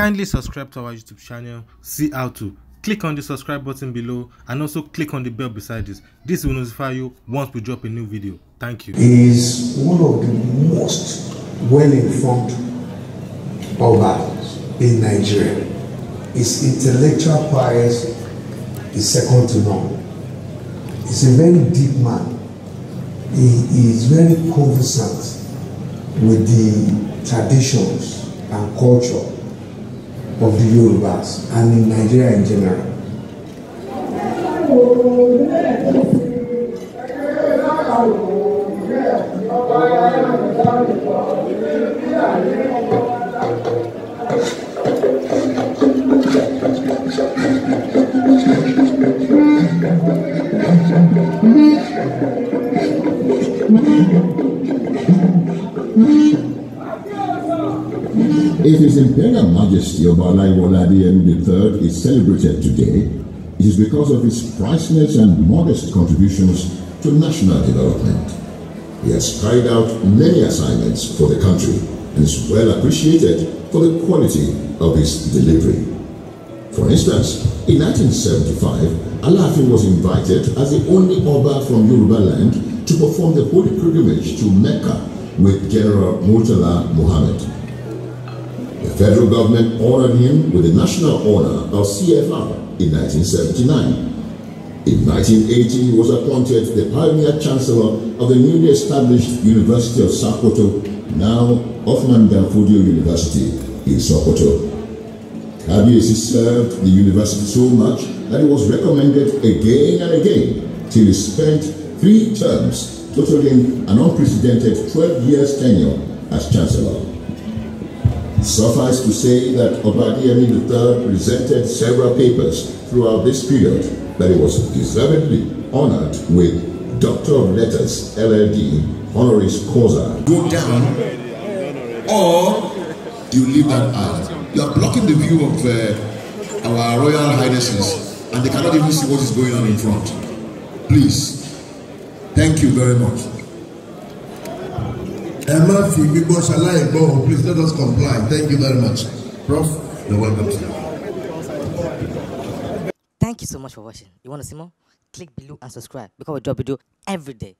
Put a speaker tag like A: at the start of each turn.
A: Kindly subscribe to our YouTube channel, see how to. Click on the subscribe button below and also click on the bell beside this. This will notify you once we drop a new video. Thank you. He is one of the most well-informed Obas in Nigeria. His intellectual prowess is second to none. He's a very deep man. he is very conversant with the traditions and culture of the Yorubas and in Nigeria in general. Mm-hmm.
B: mm-hmm. mm-hmm. mm-hmm. If His Imperial Majesty Obalai Woladiyem III is celebrated today, it is because of his priceless and modest contributions to national development. He has carried out many assignments for the country and is well appreciated for the quality of his delivery. For instance, in 1975, Alaafin was invited as the only Oba from Yoruba land to perform the holy pilgrimage to Mecca with General Murtala Muhammad. The federal government honored him with the National Honor of CFR in 1979. In 1980, he was appointed the pioneer chancellor of the newly established University of Sokoto, now Othman Danfodio University in Sokoto. Kabiesi served the university so much that he was recommended again and again till he spent three terms, totaling an unprecedented 12 years tenure as chancellor. Suffice to say that Obadiah III presented several papers throughout this period, that he was deservedly honored with Doctor of Letters, LLD, honoris causa. Go down, or you leave that out. You are blocking the view of uh, our Royal Highnesses, and they cannot even see what is going on in front. Please, thank you very much
A: ẹ má fi gbígbọ́ ṣaláì gbọ́ o please let us comply thank you very much prof you are welcome thank you so much for watching you wanna see more click below and subscribe because we drop video every day.